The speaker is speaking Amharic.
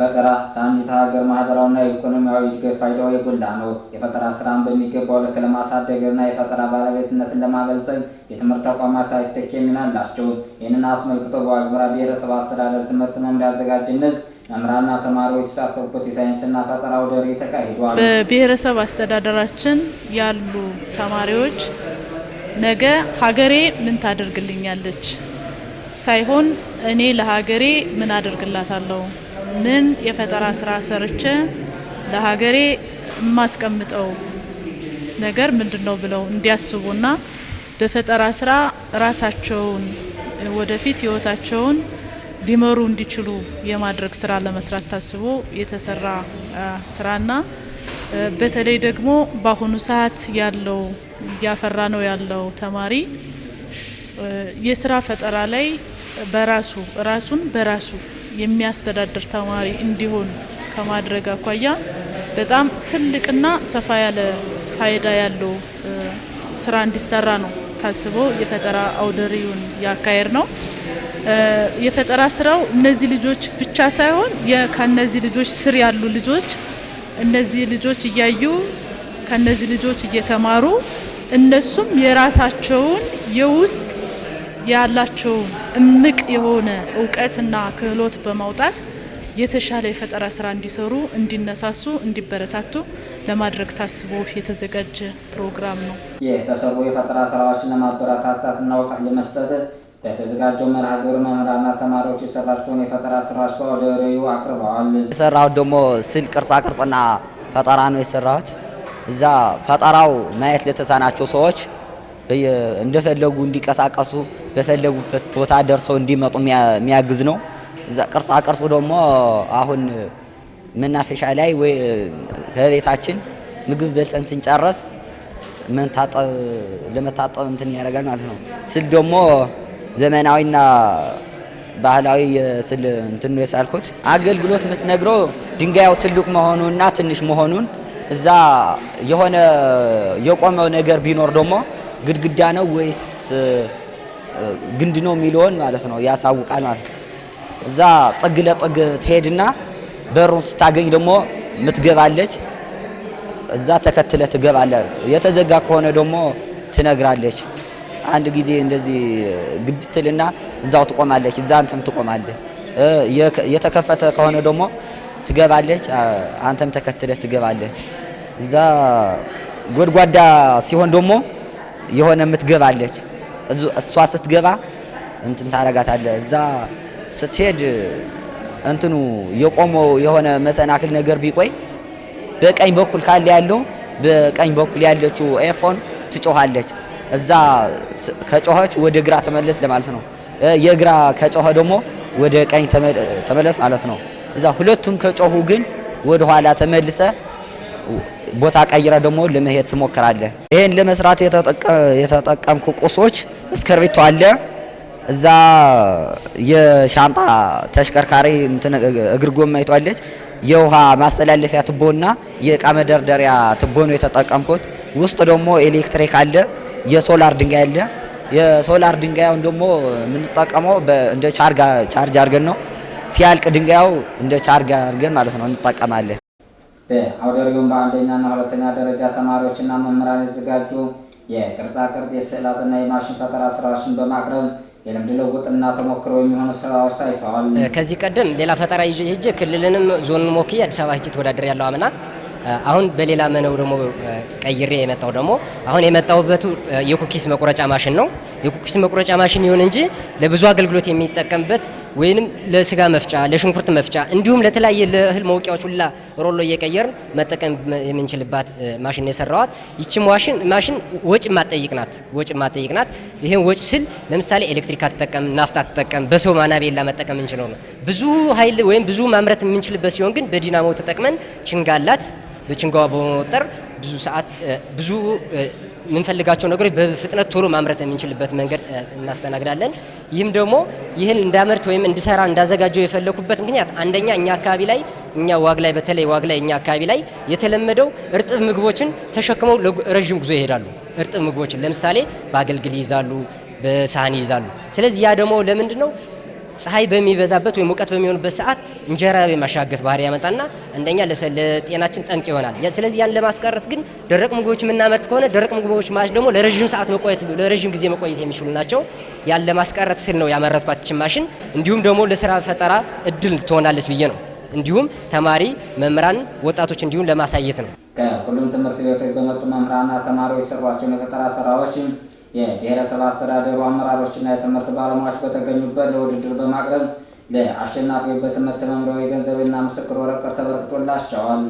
ፈጠራ ለአንዲት ሀገር ማህበራዊና ኢኮኖሚያዊ እድገት ፋይዳው የጎላ ነው። የፈጠራ ስራን በሚገባው ልክ ለማሳደግና የፈጠራ ባለቤትነትን ለማበልጸግ የትምህርት ተቋማት አይተኬ ሚና አላቸው። ይህንን አስመልክቶ በዋግምራ ብሔረሰብ አስተዳደር ትምህርት መምሪያ አዘጋጅነት መምህራንና ተማሪዎች የተሳተፉበት የሳይንስና ፈጠራ አውደ ርዕይ ተካሂዷል። በብሔረሰብ አስተዳደራችን ያሉ ተማሪዎች ነገ ሀገሬ ምን ታደርግልኛለች ሳይሆን እኔ ለሀገሬ ምን አደርግላታለሁ ምን የፈጠራ ስራ ሰርቼ ለሀገሬ የማስቀምጠው ነገር ምንድን ነው ብለው እንዲያስቡና በፈጠራ ስራ ራሳቸውን ወደፊት ህይወታቸውን ሊመሩ እንዲችሉ የማድረግ ስራ ለመስራት ታስቦ የተሰራ ስራና በተለይ ደግሞ በአሁኑ ሰዓት ያለው እያፈራ ነው ያለው ተማሪ የስራ ፈጠራ ላይ በራሱ ራሱን በራሱ የሚያስተዳድር ተማሪ እንዲሆን ከማድረግ አኳያ በጣም ትልቅና ሰፋ ያለ ፋይዳ ያለው ስራ እንዲሰራ ነው ታስቦ የፈጠራ አውደሪውን ያካሄድ ነው። የፈጠራ ስራው እነዚህ ልጆች ብቻ ሳይሆን ከነዚህ ልጆች ስር ያሉ ልጆች እነዚህ ልጆች እያዩ ከነዚህ ልጆች እየተማሩ እነሱም የራሳቸውን የውስጥ ያላቸው እምቅ የሆነ እውቀትና ክህሎት በማውጣት የተሻለ የፈጠራ ስራ እንዲሰሩ፣ እንዲነሳሱ፣ እንዲበረታቱ ለማድረግ ታስቦ የተዘጋጀ ፕሮግራም ነው። የተሰሩ የፈጠራ ስራዎችን ለማበረታታትና እውቀት ለመስጠት በተዘጋጀው መርሃ ግብር መምህራንና ተማሪዎች የሰራቸውን የፈጠራ ስራዎች ወደ ርዕዩ አቅርበዋል። የሰራሁት ደግሞ ስል ቅርጻ ቅርጽና ፈጠራ ነው የሰራሁት። እዛ ፈጠራው ማየት ለተሳናቸው ሰዎች እንደፈለጉ እንዲቀሳቀሱ በፈለጉበት ቦታ ደርሰው እንዲመጡ የሚያግዝ ነው። ቅርጻ ቅርጹ ደግሞ አሁን መናፈሻ ላይ ወይ ከቤታችን ምግብ በልተን ስንጨረስ መንታጠብ ለመታጠብ እንትን ያደርጋል ማለት ነው። ስል ደግሞ ዘመናዊና ባህላዊ ስል እንትን ነው የሳልኩት። አገልግሎት የምትነግረው ድንጋያው ትልቅ መሆኑና ትንሽ መሆኑን እዛ የሆነ የቆመው ነገር ቢኖር ደግሞ ግድግዳ ነው ወይስ ግንድ ነው የሚለውን ማለት ነው ያሳውቃል ማለት ነው። እዛ ጥግ ለጥግ ትሄድና በሩን ስታገኝ ደግሞ ምትገባለች። እዛ ተከትለ ትገባለ። የተዘጋ ከሆነ ደግሞ ትነግራለች። አንድ ጊዜ እንደዚህ ግብትልና እዛው ትቆማለች። እዛ አንተም ትቆማለህ። የተከፈተ ከሆነ ደግሞ ትገባለች። አንተም ተከትለ ትገባለህ። እዛ ጎድጓዳ ሲሆን ደግሞ የሆነ የምትገባለች እሷ ስትገባ እንትን ታረጋታለ። እዛ ስትሄድ እንትኑ የቆመው የሆነ መሰናክል ነገር ቢቆይ በቀኝ በኩል ካለ ያለው በቀኝ በኩል ያለችው ኤርፎን ትጮኻለች። እዛ ከጮኸች ወደ ግራ ተመለስ ለማለት ነው። የግራ ከጮኸ ደግሞ ወደ ቀኝ ተመለስ ማለት ነው። እዛ ሁለቱም ከጮሁ ግን ወደ ኋላ ተመልሰ ቦታ ቀይረ ደግሞ ለመሄድ ትሞክራለህ። ይህን ለመስራት የተጠቀምኩ ቁሶች እስክርቢቶ አለ እዛ የሻንጣ ተሽከርካሪ እግር ጎማ ይቷለች። የውሃ ማስተላለፊያ ትቦና የእቃ መደርደሪያ ትቦ ነው የተጠቀምኩት። ውስጥ ደግሞ ኤሌክትሪክ አለ፣ የሶላር ድንጋይ አለ። የሶላር ድንጋያውን ደግሞ የምንጠቀመው እንደ ቻርጅ አድርገን ነው። ሲያልቅ ድንጋዩ እንደ ቻርጅ አድርገን ማለት ነው እንጠቀማለን። በአውደርዩም በአንደኛና ሁለተኛ ደረጃ ተማሪዎችና መምህራን የተዘጋጁ የቅርጻቅርጽ የስዕላትና የማሽን ፈጠራ ስራዎችን በማቅረብ የልምድ ልውውጥና ተሞክሮ የሚሆኑ ስራዎች ታይተዋል። ከዚህ ቀደም ሌላ ፈጠራ ይዤ ሄጄ ክልልንም ዞንን ወክዬ አዲስ አበባ ሄጄ ተወዳደር ያለው አምና አሁን በሌላ መነው ደግሞ ቀይሬ የመጣው ደግሞ አሁን የመጣውበቱ የኩኪስ መቁረጫ ማሽን ነው። የኩኪስ መቁረጫ ማሽን ይሁን እንጂ ለብዙ አገልግሎት የሚጠቀምበት ወይንም ለስጋ መፍጫ፣ ለሽንኩርት መፍጫ እንዲሁም ለተለያየ ለእህል መውቂያዎች ሁላ ሮሎ እየቀየርን መጠቀም የምንችልባት ማሽን የሰራዋት ይቺ ማሽን ወጭ ማጠይቅ ናት። ወጭ ማጠይቅ ናት። ይህን ወጭ ስል ለምሳሌ ኤሌክትሪክ አትጠቀም፣ ናፍት አትጠቀም፣ በሰው ማናቤላ መጠቀም እንችለው ነው። ብዙ ኃይል ወይም ብዙ ማምረት የምንችልበት ሲሆን ግን በዲናሞ ተጠቅመን ችንጋላት በችንጋዋ በመወጠር ብዙ ሰዓት ብዙ የምንፈልጋቸው ነገሮች በፍጥነት ቶሎ ማምረት የምንችልበት መንገድ እናስተናግዳለን። ይህም ደግሞ ይህን እንዳመርት ወይም እንድሰራ እንዳዘጋጀው የፈለኩበት ምክንያት አንደኛ እኛ አካባቢ ላይ እኛ ዋግ ላይ በተለይ ዋግ ላይ እኛ አካባቢ ላይ የተለመደው እርጥብ ምግቦችን ተሸክመው ረዥም ጉዞ ይሄዳሉ። እርጥብ ምግቦችን ለምሳሌ በአገልግል ይይዛሉ፣ በሳህን ይይዛሉ። ስለዚህ ያ ደግሞ ለምንድን ነው ፀሐይ በሚበዛበት ወይም ሙቀት በሚሆንበት ሰዓት እንጀራ የማሻገት ባህሪ ያመጣና አንደኛ ለጤናችን ጠንቅ ይሆናል። ስለዚህ ያን ለማስቀረት ግን ደረቅ ምግቦች የምናመርት ከሆነ ደረቅ ምግቦች ማለት ደግሞ ለረዥም ሰዓት መቆየት ለረዥም ጊዜ መቆየት የሚችሉ ናቸው። ያን ለማስቀረት ስል ነው ያመረትኳት ይችን ማሽን። እንዲሁም ደግሞ ለስራ ፈጠራ እድል ትሆናለች ብዬ ነው። እንዲሁም ተማሪ መምህራን፣ ወጣቶች እንዲሁም ለማሳየት ነው። ከሁሉም ትምህርት ቤቶች በመጡ መምህራንና ተማሪዎች የሰሯቸውን የፈጠራ ስራዎች የብሔረሰብ አስተዳደሩ አመራሮችና የትምህርት ባለሙያዎች በተገኙበት ለውድድር በማቅረብ ለአሸናፊው በትምህርት መምሪያው የገንዘብና ምስክር ወረቀት ተበርክቶላቸዋል።